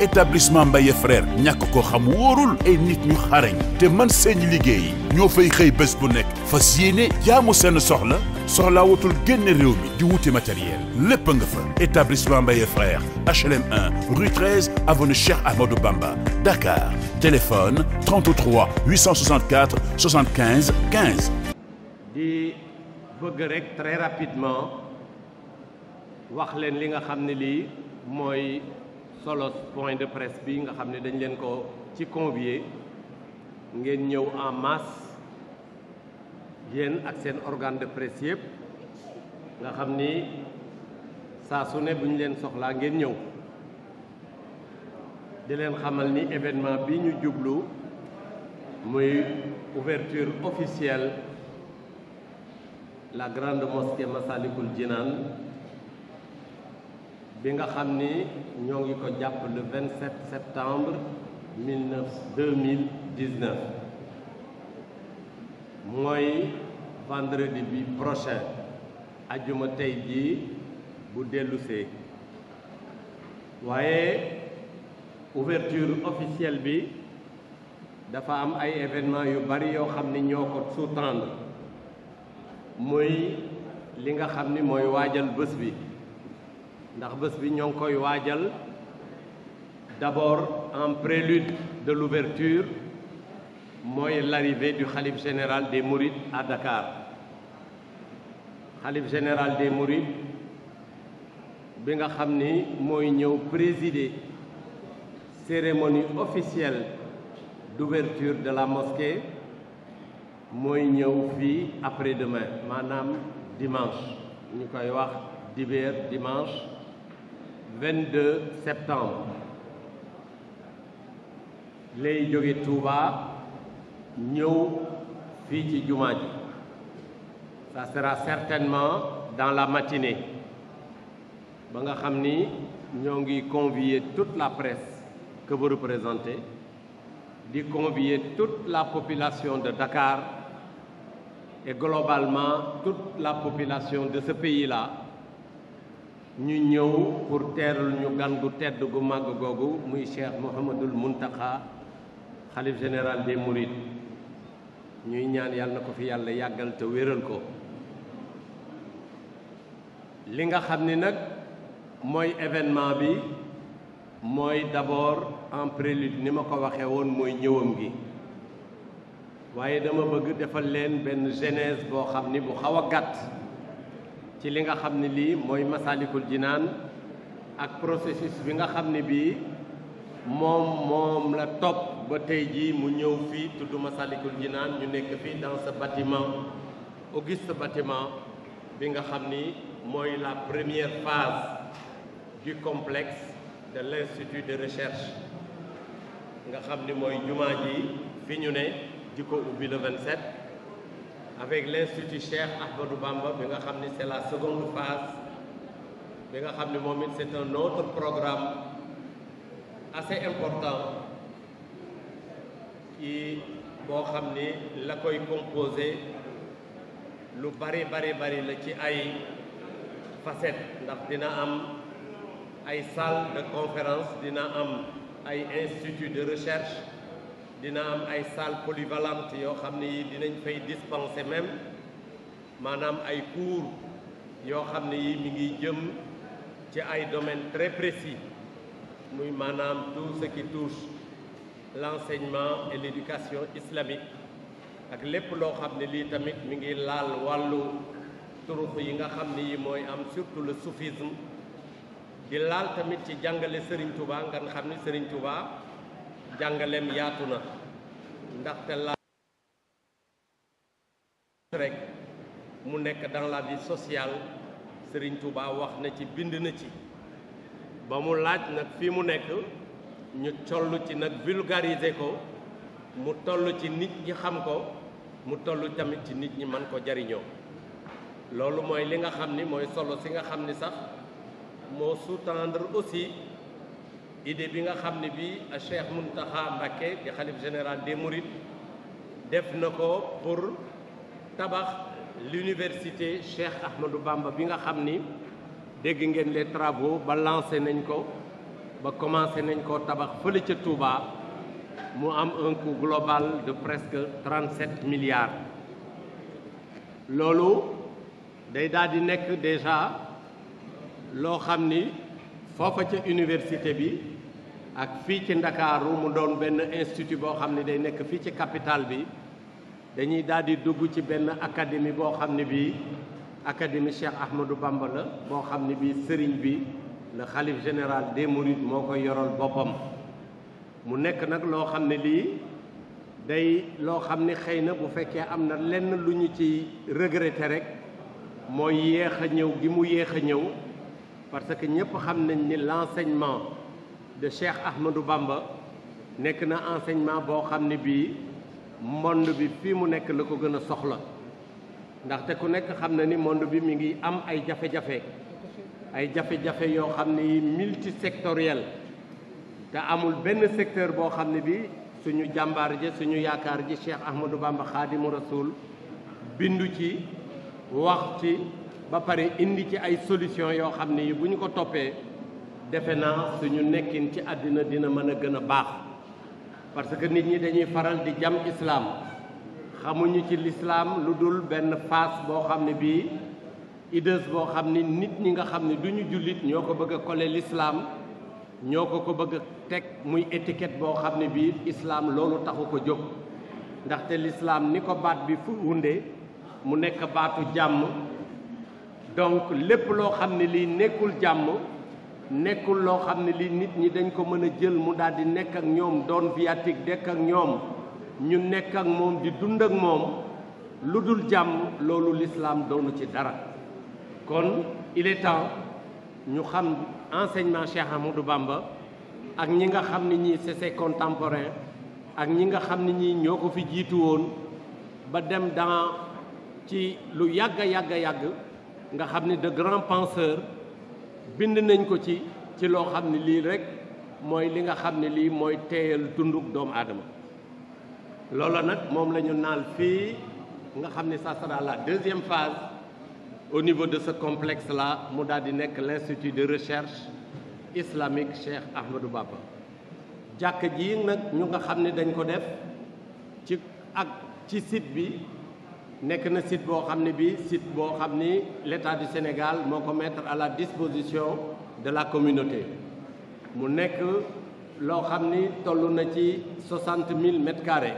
établissement Mbaye frère ñàkk ko xam wóorul ay nit ñu xarañ te man seeni liggéey ñoo fay xëy bés bu nekk fa yéene jaamu seen soxla soxlaa wutul génn réew mi di wuti matériel lépp nga fa établissement Mbaye frère HLM 1 rue 13 avenue Cheikh Amadou Bamba Dakar téléphone 33 864 75 15. di bëgg rek très rapidement wax leen li nga xam ne lii mooy. solo point de presse bi nga xam ne dañ leen ko ci convier ngeen ñëw en masse yéen ak seen organ de presse yëpp nga xam ni saa su ne bu ñu leen soxlaa ngeen ñëw di leen xamal ni événement bi ñu jublu muy ouverture officielle la grande mosquée Massalikul Jinaan bi nga xam ni ñoo ngi ko jàpp vingt 27 septembre 2019 mooy vendredi bi prochain ajuma tey jii bu dellusee waaye ouverture officielle bi dafa am ay événement yu bari yoo xam ni ñoo ko sous-tendre muy li nga xam ni mooy waajal bés bi ndax bés bi ñoo ngi koy waajal d'abord en prélude de l'ouverture mooy l'arrivée du khalife général des Mourides à Dakar khalife général des Mourides bi nga xam ni mooy ñëw présider cérémonie officielle d'ouverture de la mosquée mooy ñëw fii après-demain maanaam dimanche ñu koy wax dibéer dimanche 22 septembre lay jóge Touba ñëw fii ci jumaa ji ça sera certainement dans la matinée ba nga xam ni ñoo ngi convier toute la presse que vous représentez di convier toute la population de Dakar et globalement toute la population de ce pays-là ñu ñëw pour teerul ñu gan gu tedd gu màgg googu muy cheikh mouhamadul muntaxa xalif général des mourides ñuy ñaan yàlla na ko fi yàlla yàggalte te wéral ko li nga xam ni nag mooy événement bi mooy d'abord en prélude ni ma ko waxee woon mooy ñëwam gi waaye dama bëgg defal leen benn genèse boo xam ni bu xaw a gàtt ci li nga xam ne lii mooy masalikul naan ak processus bi nga xam ne bii moom moom la topp ba tey ji mu ñëw fii tudd masalikul naan ñu nekk fii dans ce bâtiment auguste batiment bi nga xam ni mooy la première phase du complex de l'institut de recherche nga xam ni mooy jumaa ji fi ñu ne di ko ubbi le 27 avec l'institut Cheikh Ahmadou Bamba bi nga xam ni c'est la seconde phase bi nga xam ni moom it c'est un autre programme assez important qui boo xam ni la koy composé lu bari bari bari la ci ay facettes ndax dina am ay salle de conférence dina am ay institut de recherche dina am ay salle polyvalente yoo xam ne yi dinañ fay dispenser même maanaam ay cours yoo xam ne yi mi ngi jëm ci ay domaines très précis muy maanaam tout ce qui touche l'enseignement et l'éducation islamique ak lépp loo xam ne lii tamit mi ngi laal wàllu turux yi nga xam ne yi mooy am surtout le soufisme di laal tamit ci jàngale Serigne Touba nga xam ne Serigne Touba jàngaleem yaatu na ndaxte la mu nekk dans la vie sociale Serigne Touba wax na ci bind na ci ba mu laaj nag fi mu nekk ñu toll ci nag vulgariser ko mu toll ci nit ñi xam ko mu toll tamit ci nit ñi man ko jariñoo loolu mooy li nga xam ni mooy solo si nga xam ni sax moo sous aussi idée bi nga xam ne bii Cheikh Mountakha Mbacké di xalif général des Mourides def na ko pour tabax l'université Cheikh Ahmadou Bamba bi nga xam ni dégg ngeen les travaux ba lancé nañ ko ba commencé nañ ko tabax fële ca Touba mu am un coût global de presque 37 milliards loolu day daal di nekk déjà loo xam ni foofa ca université bi ak fii ci ndakaaru mu doon benn institut boo xam ne day nekk fii ci capitale bi dañuy daal di dugg ci benn académie boo xam ne bii académie Cheikh Ahmadou Bamba la boo xam ne bii sëriñ bi le xalif général des mourides moo koy yoral boppam mu nekk nag loo xam ne lii day loo xam ni xëy na bu fekkee am na lenn lu ñu ci regretté rek mooy yéex a ñëw gi mu yéex a ñëw parce que ñëpp xam nañ ni l'enseignement de Cheikh Ahmadou Bamba nekk na enseignement boo xam ne bii monde bi fii mu nekk la ko gën a soxla ndaxte ku nekk xam na ni monde bi mi ngi am ay jafe-jafe ay jafe-jafe yoo xam ne yi multisectoriel te amul benn secteur boo xam ne bi suñu jàmbaar ji suñu yaakaar ji Cheikh Ahmadou Bamba Xaadimu Rasuul bindu ci wax ci ba pare indi ci ay solution yoo xam ne yi bu ñu ko toppee defe naa suñu nekkin ci àddina dina mën a gën a baax parce que nit ñi dañuy faral di jam islaam xamuñu ci lislaam lu dul benn phase boo xam ne bii ideuse boo xam ne nit ñi nga xam ne duñu jullit ñoo ko bëgg kole lislaam ñoo ko ko bëgg teg muy étiquette boo xam ne bii islaam loolu taxu ko jóg ndaxte lislaam ni ko baat bi fu wunde mu nekk baatu jàmm donc lépp loo xam ne lii nekkul jàmm nekkul loo xam ne li nit ñi dañ ko mën a jël mu daal di nekk ak ñoom doon viatique dekk ak ñoom ñu nekk ak moom di dund ak moom lu dul jàmm loolu lislaam doonu ci dara kon il est ñu xam enseignement Cheikh Ahmadou bàmba ak ñi nga xam ne ñii c'est ses ak ñi nga xam ne ñii ñoo ko fi jiitu woon ba dem dans ci lu yàgg a yàgg yàgg nga xam ne de grands penseurs bind nañ ko ci ci loo xam ne lii rek mooy li nga xam ne lii mooy teeyal dunduk doomu aadama loola nag moom la ñu naal fii nga xam ne ça sera la deuxième phase au niveau de sa complexe la mu daal di nekk l'institut de recherche islamique Cheikh Ahmadou Bamba jàkk ji nag ñu nga xam ne dañ ko def ci ak ci sit bi nekk na site boo xam ne bi site boo xam ni l'État du Sénégal moo ko mettre à la disposition de la communauté mu nekk loo xam ni toll na ci soixante mille mètres carrés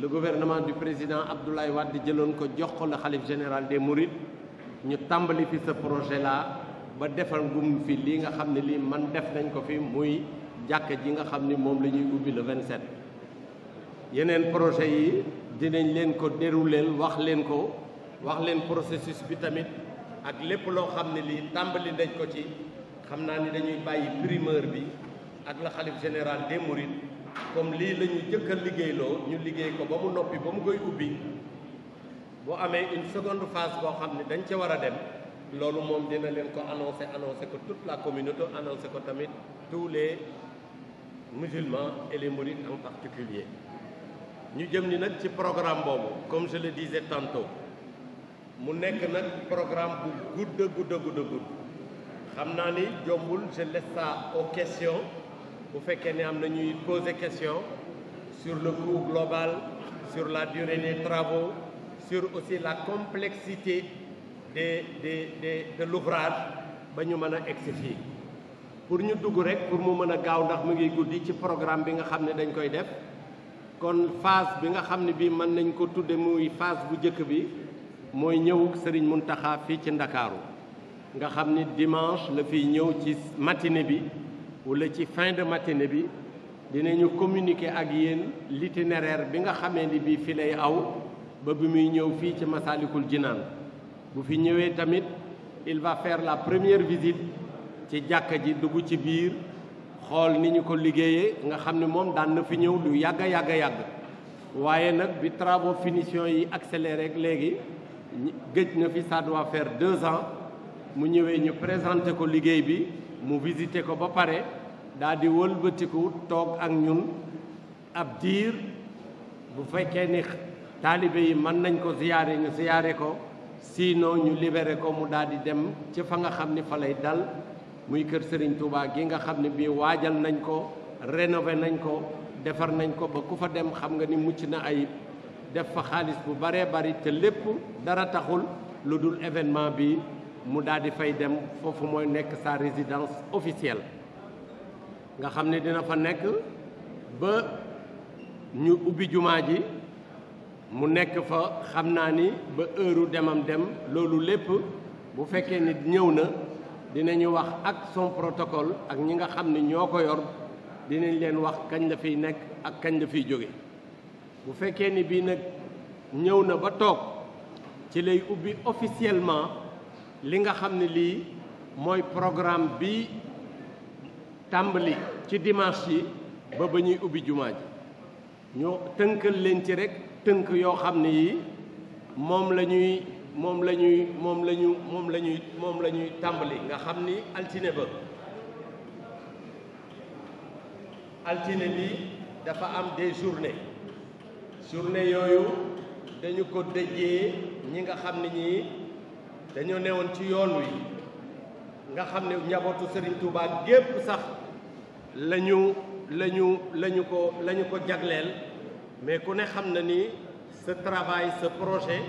le gouvernement du président Abdoulaye Wade jëloon ko jox ko la xalif général des Mourides ñu tàmbali fi sa projet la ba defal gum fi lii nga xam ne lii man def nañ ko fi muy jàkka ji nga xam ni moom la ñuy ubbi le 27. yeneen projet yi dinañ leen ko dérouler wax leen ko wax leen processus bi tamit ak lépp loo xam ne lii tàmbali dañ ko ci xam naa ni dañuy bàyyi primeur bi ak la xalif général des mourides comme lii la ñu jëkk a ñu liggéey ko ba mu noppi ba mu koy ubbi boo amee une seconde phase boo xam ne dañ ca war a dem loolu moom dina leen ko annoncé annoncé ko toute la communauté annoncé ko tamit tous les musulmans et les mourides en ñu jëm ni nag ci programme boobu comme je le disais tantôt mu nekk nag programme bu gudd gudd gudd gudd xam naa ni jombul je laisse ça aux bu fekkee ne am na ñuy poser question sur le coût global sur la durée des travaux sur aussi la complexité des des de l'ouvrage ba ñu mën a egsi fii pour ñu dugg rek pour mu mën a gaaw ndax mu ngi guddi ci programme bi nga xam ne dañ koy def kon phase bi nga xam ne bii mën nañ ko tudde muy phase bu njëkk bi mooy ñëw Serigne Mountakha fii ci Ndakaaru nga xam ni dimanche la fiy ñëw ci matinée bi wala ci fin de matinée bi dinañu communiquer ak yéen l'itinéraire bi nga xamee ni bii fi lay aw ba bi muy ñëw fii ci Massalikul Jinaan bu fi ñëwee tamit il va faire la première visite ci jàkka ji dugg ci biir xool ni ñu ko liggéeye nga xam ne moom daan na fi ñëw lu yàgg a yàgg a waaye nag bi trabo finition yi accéléré ak léegi gëj na fi ça doit faire deux mu ñëwee ñu présenté ko liggéey bi mu visité ko ba pare daal di wëlbatiku toog ak ñun ab diir bu fekkee ni taalibe yi mën nañ ko ziyaare ñu ziyaare ko sinon ñu libere ko mu daal di dem ci fa nga xam ni fa lay dal muy kër Serigne Touba gi nga xam ne bii waajal nañ ko rénové nañ ko defar nañ ko ba ku fa dem xam nga ni mucc na ayib def fa xaalis bu baree bari te lépp dara taxul lu dul événement bi mu daal di fay dem foofu mooy nekk sa résidence officielle nga xam ne dina fa nekk ba ñu ubbi jumaa ji mu nekk fa xam naa ni ba heure demam dem loolu lépp bu fekkee ni ñëw na dinañu wax ak son protocole ak ñi nga xam ne ñoo ko yor dinañ leen wax kañ la fiy nekk ak kañ la fiy jóge bu fekkee ni bii nag ñëw na ba toog ci lay ubbi officiellement li nga xam ne lii mooy programme bi tàmbali ci dimanche yi ba ba ñuy ubbi jumaa ji ñoo tënkal leen ci rek tënk yoo xam ne yii moom lañuy moom la ñuy moom la ñu moom la ñuy moom la ñuy tàmbali nga xam ni altine ba altine bi dafa am de journées journée yooyu dañu ko dëjee ñi nga xam ne ñi dañoo newoon ci yoonu wi nga xam ne njabootu Serigne Touba gépp sax la ñu la ñu la ko la ko jagleel mais ku ne xam na ni ce travail ce projet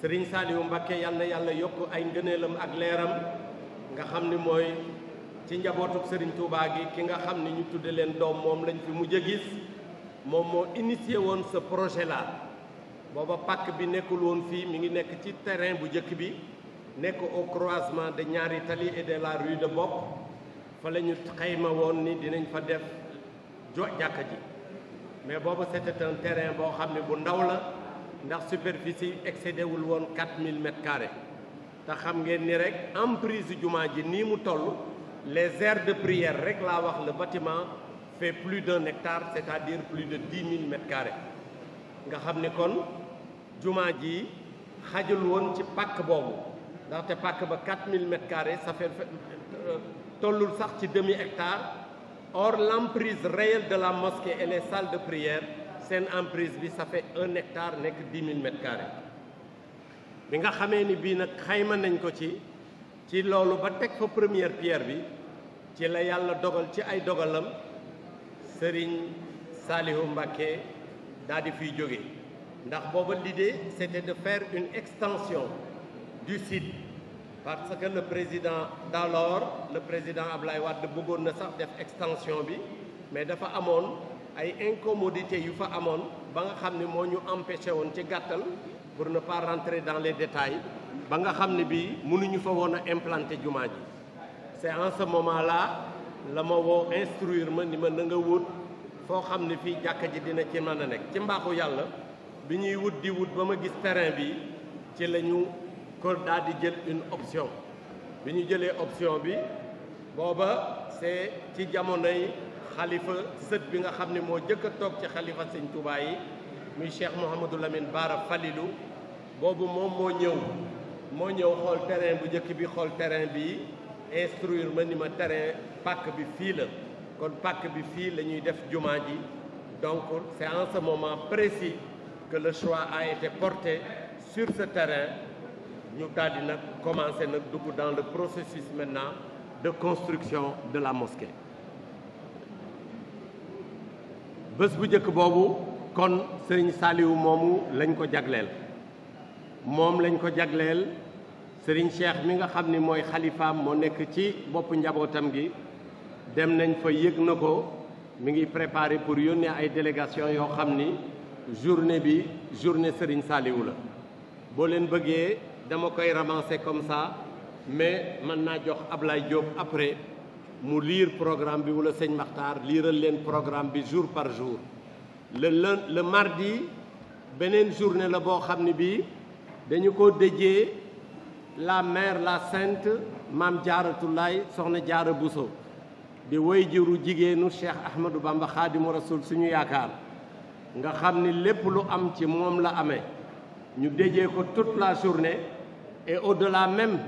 sëriñ Saaliwu Mbakke yal na yàlla yokk ay ngëneelam ak leeram nga xam ni mooy ci njabootu sëriñ Touba gi ki nga xam ni ñu tudde leen doom moom lañ fi mujj a gis moom moo initié woon sa projet là booba pàkk bi nekkul woon fii mu ngi nekk ci terrain bu njëkk bi nekk au croisement de ñaari tali et de la rue de Bopp fa la ñu xayma woon ni dinañ fa def jo jàkka ji mais booba c'était un terrain boo xam ne bu ndaw la ndax superficie excédé wul woon 4000 mètres carrés te xam ngeen ni rek emprise jumaa ji nii mu toll les aires de prière rek laa wax le bâtiment fait plus d'un hectare cest à plus de 10 000 mètres nga xam ni kon jumaa ji xajul woon ci pàkk boobu ndaxte pàkk ba 4000 mètres carrés ça fait euh, tollul sax ci demi hectare or l'emprise réelle de la mosquée et les salles de prière seen emprise bi ça fait un hectare nekk dix mille mètres bi nga xamee ni bii nag xayma nañ ko ci ci loolu ba teg ko première pierre bi ci la yàlla dogal ci ay dogalam sëriñ Salihu Mbacké daal di fiy jóge ndax booba l'idée c'était de faire une extension du site parce que le président d'alors le président Ablaye Wade bëggoon na sax def extension bi mais dafa amoon ay incommodité yu fa amoon ba nga xam ne moo ñu empêché woon ci gàttal pour ne pas rentrer dans les détails ba nga xam ne bii mënuñu fa woon a implanter jumaa ji c'est en ce moment la ma woo instruire ma ni ma na nga wut foo xam ne fii jàkka ji dina ci mën a nekk ci mbaaxu yàlla bi ñuy wut di wut ba ma gis terrain bi ci la ñu ko di jël une option bi ñu jëlee option bi booba c'est ci jamonoy xalifa sët bi nga xam ne moo jëkk a toog ci xalifa sëñ Touba yi muy Cheikh Mouhamadou Lamine Bara Falilou boobu moom moo ñëw moo ñëw xool terrain bu njëkk bi xool terrain bi instruire ma ni ma terrain pàkk bi fii la kon pàkk bi fii la ñuy def jumaa ji donc c'est en ce moment précis que le choix a été porté sur ce terrain ñu daldi nag commencé nag dugg dans le processus maintenant de construction de la mosquée bés bu njëkk boobu kon sëriñ Saliou moomu lañ ko jagleel moom lañ ko jagleel sëriñ Cheikh mi nga xam ni mooy xalifaam moo nekk ci boppu njabootam gi dem nañ fa yëg na ko mi ngi préparé pour yónnee ay délégation yoo xam ni journée bi journée sëriñ Saliou la boo leen bëggee dama koy ramasser comme ça mais mën naa jox Ablaye Diop après mu liir programme bi wala sëñ Maxtaar liiral leen programme bi jour par jour le lun mardi beneen journée la boo xam ne bii dañu ko déjee la mère la sainte maam jaaratullaay soxna jaara Bousso di woy jiru jigéenu Cheikh Ahmadou Bamba Xaadimu Rasul suñu yaakaar nga xam ni lépp lu am ci moom la ame ñu déjee ko toute la journée et au-delà même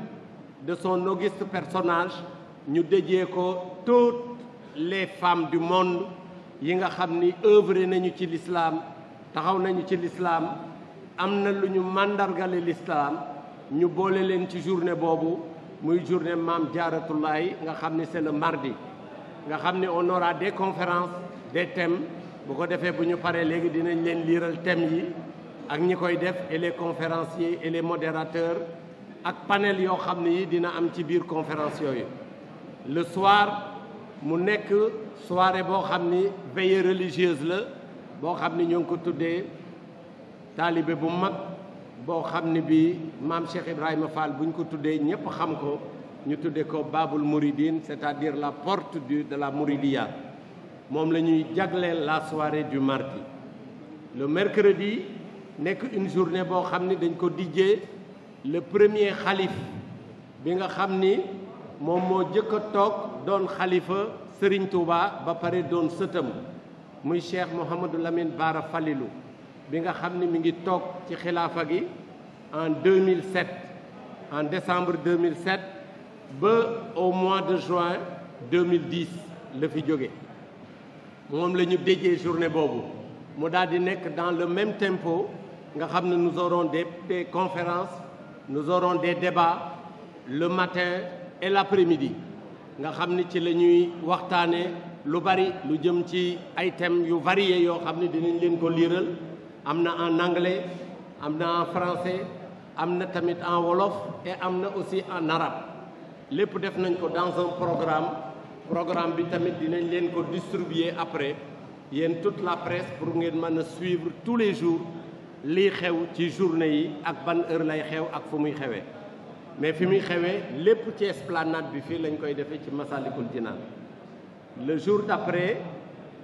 de son auguste personnage ñu déjee ko toutes les femmes du monde yi nga xam ni œuvré nañu ci lislaam taxaw nañu ci lislaam am na lu ñu màndargale l'islam ñu boole leen ci journée boobu muy journée maam jaaratullaay nga xam ni c'est le mardi nga xam ni on aura des conférences des bu ko defee bu ñu paree léegi dinañ leen liiral thèmes yi ak ñi koy def et les conférenciers et les modérateurs ak panel yoo xam ne yi dina am ci biir conférence yooyu le soir mu nekk soirée boo xam ni veillée religieuse la boo xam ni ñoo ngi ko tuddee taalibe bu mag boo xam ni bi maam Cheikh Ibrahima Fall bu ñu ko tuddee ñépp xam ko ñu tuddee ko Babul Mouridine c'est-à-dire la porte du de la Mouridia moom la ñuy jagleel la soirée du mardi le mercredi nekk une journée boo xam ni dañ ko dijjee le premier xalif bi nga xam ni moom moo jëkk a toog doon xalifa sëriñ Touba ba pare doon sëtam muy cheikh Mouhamadou Lamine Bara Falilou bi nga xam ni mi ngi toog ci xilaafa gi en 2007 en décembre 2007 ba au mois de juin 2010 la fi jóge moom la ñu déjee journée boobu mu daal di nekk dans le même tempo nga xam ne nous de des des conférences nous aurons des débats le matin et l'après-midi nga xam ni ci la ñuy waxtaanee lu bari lu jëm ci ay thèmes yu variés yoo xam ni dinañ leen ko liiral am na en nangale am na en français am na tamit en wolof et am na aussi en arabe lépp def nañ ko dans programme programme bi tamit dinañ leen ko distribuer après yéen toute la presse pour ngeen mën na suivre tous les jours lii xew ci journée yi ak ban heure lay xew ak fu muy xewee mais fi muy xewee lépp ci esplanade bi fii lañ koy defee ci Massalikul Jinaan le jour d'après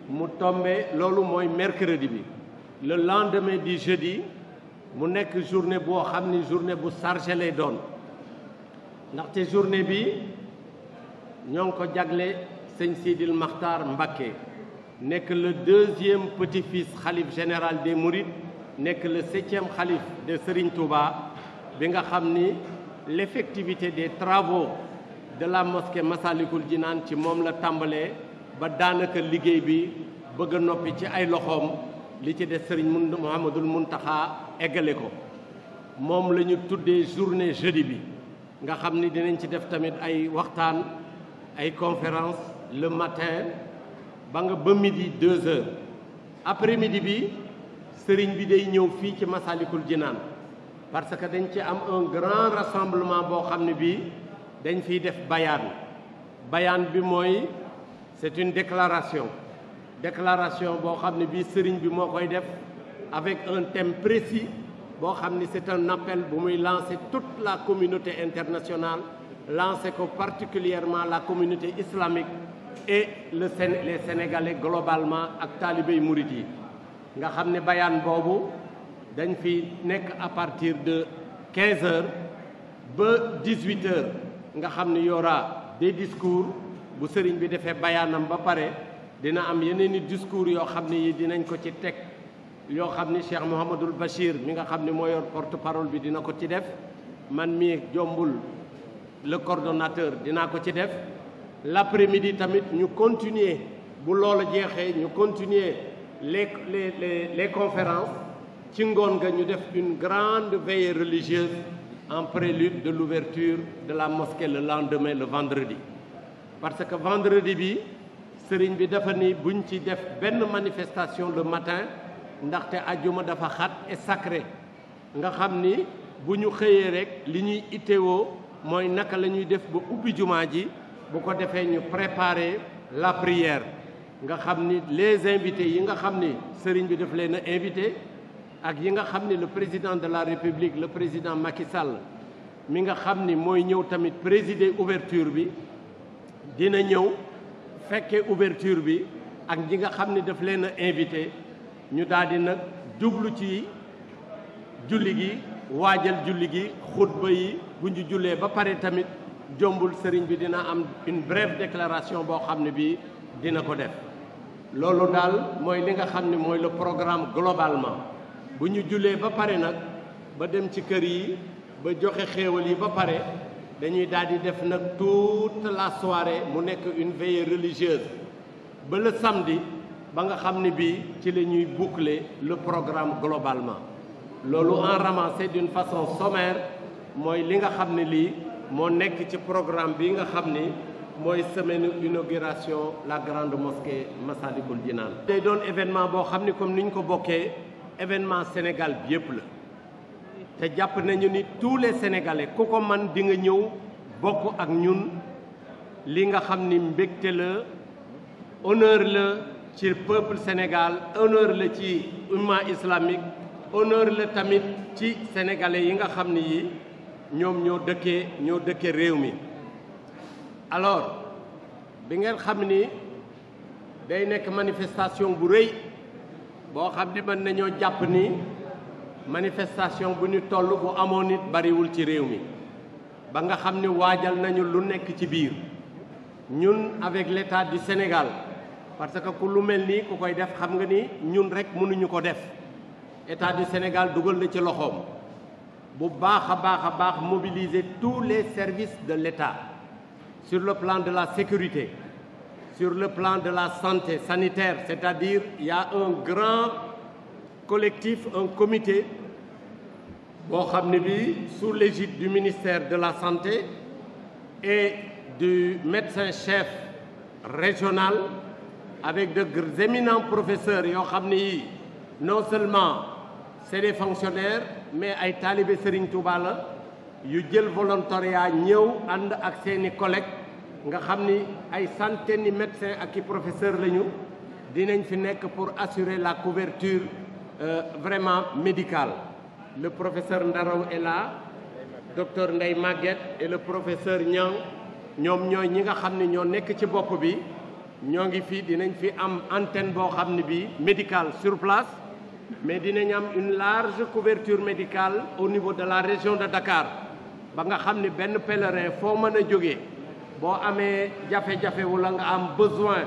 mu tombe loolu mooy mercredi bi le lendemain du jeudi mu nekk journée boo xam ni journée bu chargé lay doon ndaxte journée bi ñoo ngi ko jagle sëñ Sidil maxtar Mbacké nekk le deuxième petit-fils xalif général des Mourides nekk le septième xalif de Serigne Touba bi nga xam ni l'effectivité des travaux de la mosquée Massalikul Jinaan ci moom la tàmbalee ba daanaka liggéey bi bëgg noppi ci ay loxoom li ci des sëriñ mun Mouhamadul Muntaxa eggale ko moom la ñu tuddee journée jeudi bi nga xam ni dinañ ci def tamit ay waxtaan ay conférence le matin ba nga ba midi deux heures après midi bi sëriñ bi day ñëw fii ci Massalikul Jinaan parce que dañ ci am un grand rassemblement boo xam ne bii dañ fiy def bayaan bayaan bi mooy c'est une déclaration déclaration boo xam ne bii sëriñ bi moo koy def avec un thème précis boo xam ni c'est un appel bu muy lancer toute la communauté internationale lancer ko particulièrement la communauté islamique et le les Sénégalais globalement ak taalibey murit yi nga xam ne bayaan boobu dañ fi nekk à partir de 15 heures ba 18 nga xam ne y aura des discours bu sëriñ bi defee bayaanam ba pare dina am yeneen i discours yoo xam ne yi dinañ ko ci teg yoo xam ni Cheikh Mouhamadul Bachir mi nga xam ne moo porte parole bi dina ko ci def man mii jombul le coordonnateur dinaa ko ci def l'après-midi tamit ñu continuer bu loolu jeexee ñu continuer les les les conférences ci ngoon nga ñu def une grande veillée religieuse en prélude de l'ouverture de la mosquée le lendemain le vendredi parce que vendredi bi sëriñ bi dafa ni buñ ci def benn manifestation le matin ndaxte ajuma dafa xat et sacré nga xam ni bu ñu xëyee rek li ñuy itteewoo mooy naka la ñuy def ba ubbi jumaa ji bu ko defee ñu préparer la prière nga xam ni les invités yi nga xam ni sëriñ bi daf leen invité ak yi nga xam ni le président de la république le président Macky Sall mi nga xam ni mooy ñëw tamit présider ouverture bi dina ñëw fekke ouverture bi ak ñi nga xam ni daf leen a invité ñu daal di nag jublu ci julli gi waajal julli gi xutba yi bu ñu jullee ba pare tamit jombul sëriñ bi dina am une brève déclaration boo xam ne bii dina ko def loolu daal mooy li nga xam ne mooy le programme globalement bu ñu julee ba pare nag ba dem ci kër yi ba joxe xéewal yi ba pare dañuy daal di def nag toute la soirée mu nekk une veillée religieuse ba le samedi ba nga xam ne bii ci la ñuy boucler le programme globalement loolu en ramassé d'une façon sommaire mooy li nga xam ne lii moo nekk ci programme bi nga xam ni mooy semaine inauguration la grande mosquée Massalikul Jinaan. day doon événement boo xam ni comme ni ko bokkee. événement Sénégal bi yëpp la te jàpp nañu ni tous les sénégalais ku ko man di nga ñëw bokk ak ñun li nga xam ni mbégte la honneur la ci peuple Sénégal honneur la ci umma islamique honneur la tamit ci sénégalais yi nga xam ni yi ñoom ñoo dëkkee ñoo dëkkee réew mi alors bi nga xam ni day nekk manifestation bu rëy boo xam ni mën nañoo jàpp ni manifestation bu ñu toll bu amoon it bariwul ci réew mi ba nga xam ni waajal nañu lu nekk ci biir ñun avec l'État du Sénégal parce que ku lu mel ni ku koy def xam nga ni ñun rek mënuñu ko def État du Sénégal dugal na ci loxoom bu baax a baax a baax mobiliser tous les services de l'État sur le plan de la sécurité sur le plan de la santé sanitaire, c'est-à-dire il un grand collectif, un comité boo xam ne bi sous l'égide du ministère de la Santé et du médecin-chef régional avec de éminents professeurs yoo xam ne yi non seulement c'est des fonctionnaires mais ay taalibe Serigne Touba yu jël volontariat ñëw ànd ak seeni collègues nga xam ni ay centaines de médecins ak i professeurs lañu dinañ fi nekk pour assurer la couverture euh, vraiment médical le professeur Ndaraw est là docteur Ndeye Maguette et le professeur Niang ñoom ñooy ñi nga xam ne ñoo nekk ci bopp bi ñoo ngi fii dinañ fi am antenne boo xam ne bi médicale sur place mais dinañ am une large couverture médical au niveau de la région de Dakar ba nga xam ne benn pèlerin foo mën a jóge boo amee jafe-jafe nga am besoin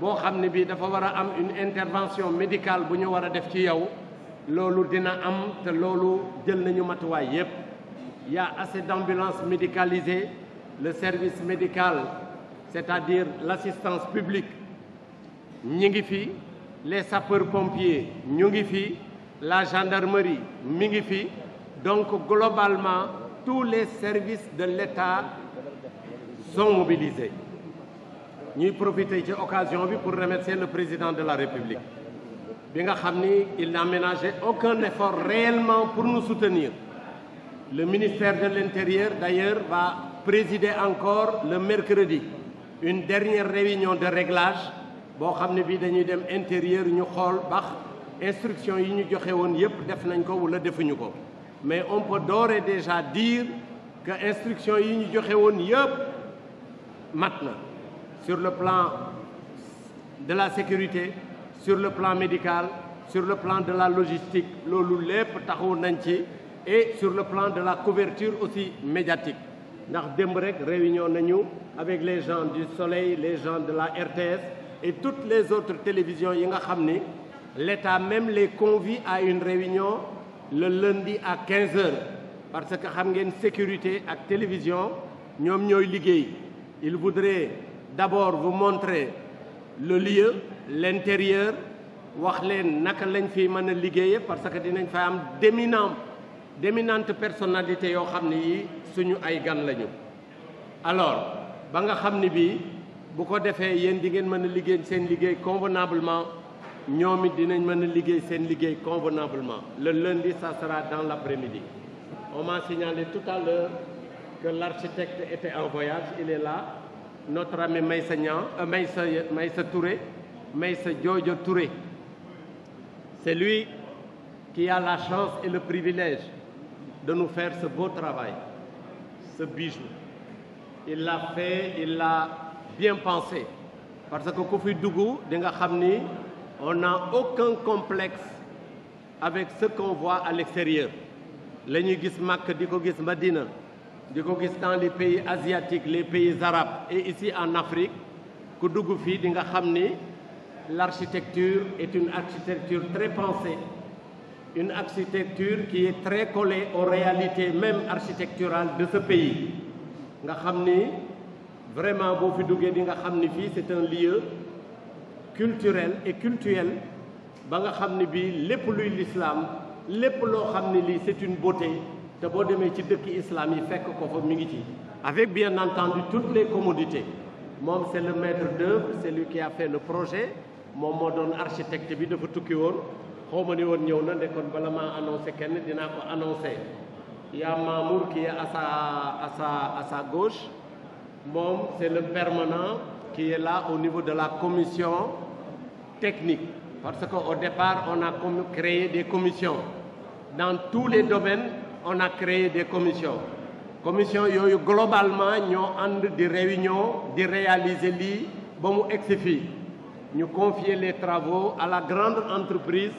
boo xam ne bii dafa war a am une intervention médicale bu ñu war a def ci yow loolu dina am te loolu jël nañu matuwaay yépp y a assez d'ambulances médicalisées le service médical c'est-à-dire l'assistance publique ñi ngi fi les sapeurs-pompiers ñu ngi fi la gendarmerie mi ngi fi donc globalement tous les services de l'État son mobilisés ñuy profiter ci occasion bi pour remercier le président de la République bi nga xam ni il n'a ménagé aucun effort réellement pour nous soutenir le ministère de l'Intérieur d'ailleurs va présider encore le mercredi une dernière réunion de réglage boo xam ne bii dañuy dem intérieur ñu xool bax instruction yi ñu joxe woon yépp def nañ ko wala defuñu ko mais on peut d'ores et déjà dire que instruction yi ñu joxe woon yépp mat na sur le plan de la sécurité sur le plan médical sur le plan de la logistique loolu lépp taxaw nañ ci et sur le plan de la couverture aussi médiatique ndax démb rek réunion nañu avec les gens du Soleil les gens de la RTS et toutes les autres télévisions yi nga xam ni l'État même les convie à une réunion le di à 15 heures parce que xam ngeen sécurité ak télévision ñoom ñooy liggéey il voudrait d'abord vous montrer le lieu l'intérieur wax leen naka lañ fiy mën a liggéeye parce que dinañ fa am d'éminent d'éminente personnalité yoo xam ne yi suñu ay gan lañu alors ba nga xam ne bii bu ko defee yéen di ngeen mën a liggéey seen liggéey convenablement ñoom it dinañ mën a liggéey seen liggéey convenablement le leen ça sera dans l'après-midi on que l'architecte était en voyage, il est là. Notre ami Maïssa, Nian, euh, Maïssa, Maïssa Touré, sa Djojo Touré. C'est lui qui a la chance et le privilège de nous faire ce beau travail, ce bijou. Il l'a fait, il l'a bien pensé. Parce que Kofi Dougou, on n'a aucun complexe avec ce qu'on voit à l'extérieur. gis ma qui di ko gis dans les pays asiatiques les pays arabes et ici en Afrique ku dugg fii di nga xam ni l'architecture est une architecture très pensée une architecture qui est très collée aux réalités même architecturales de ce pays nga xam ni vraiment boo fi duggee di nga xam ni fii c'est un lieu culturel et cultuel ba nga xam ni bii lépp luy l'islam lépp loo xam ni lii c'est une beauté te boo demee ci dëkk islam yi fekk ko fa mi ngi ci avec bien entendu toutes les commodités moom c'est le maître d'œuvre c'est lui qui a le projet moom moo doon architecte bi dafa tukki woon xaw ma ni woon ñëw na nekkoon bala maa annoncé kenn dinaa ko annoncé yaa Mamour qui est à sa à gauche moom c'est le permanent qui est la au niveau de la commission technique parce que au départ on a créé des commissions dans tous les domaines on a créé des commissions commission yooyu globalement ñoo ànd di réunion di réaliser lii ba mu egsi fii ñu confier les travaux à la grande entreprise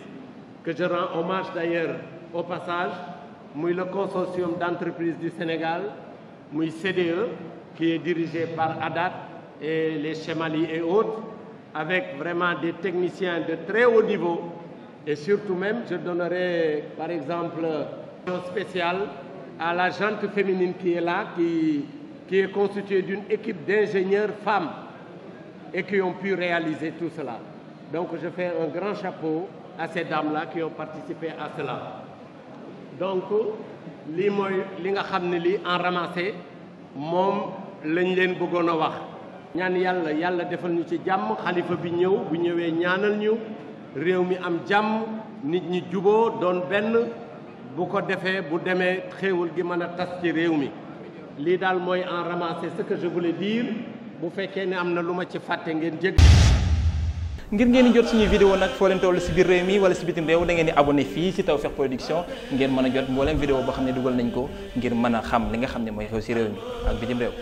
que je rends hommage d'ailleurs au passage muy le consortium d'entreprises du Sénégal muy CDE qui est dirigé par Adat et les Chemali et autres avec vraiment des techniciens de très haut niveau et surtout même je donnerai par exemple spéciale à la gente féminin kii la là, qui, qui est constituée d'une équipe d'ingénieurs femmes et qui ont pu réaliser tout Donc je fais un grand chapeau à ces dames-là qui ont participé à cela. Donc lii mooy li nga xam ne lii en ramassé moom lañ leen bëggoon a wax. ñaan yàlla yàlla defal ñu ci jàmm xalifa bi ñëw bu ñëwee ñaanal ñu réew mi am jàmm nit ñi juboo doon benn. bu ko defee bu demee xéewal gi mën a tas ci réew mi lii daal mooy en ramasser ce que je voulais dire bu fekkee ni am na lu ma ci fàtte ngeen jég ngir ngeen di jot suñu vidéo nag foo leen toll si biir réew mi wala si bitim réew da di abonné fii si Tawfekh Production ngeen mën a jot mbooleem vidéo boo xam ne dugal nañ ko ngir mën a xam li nga xam ne mooy xew si réew mi ak bitim réew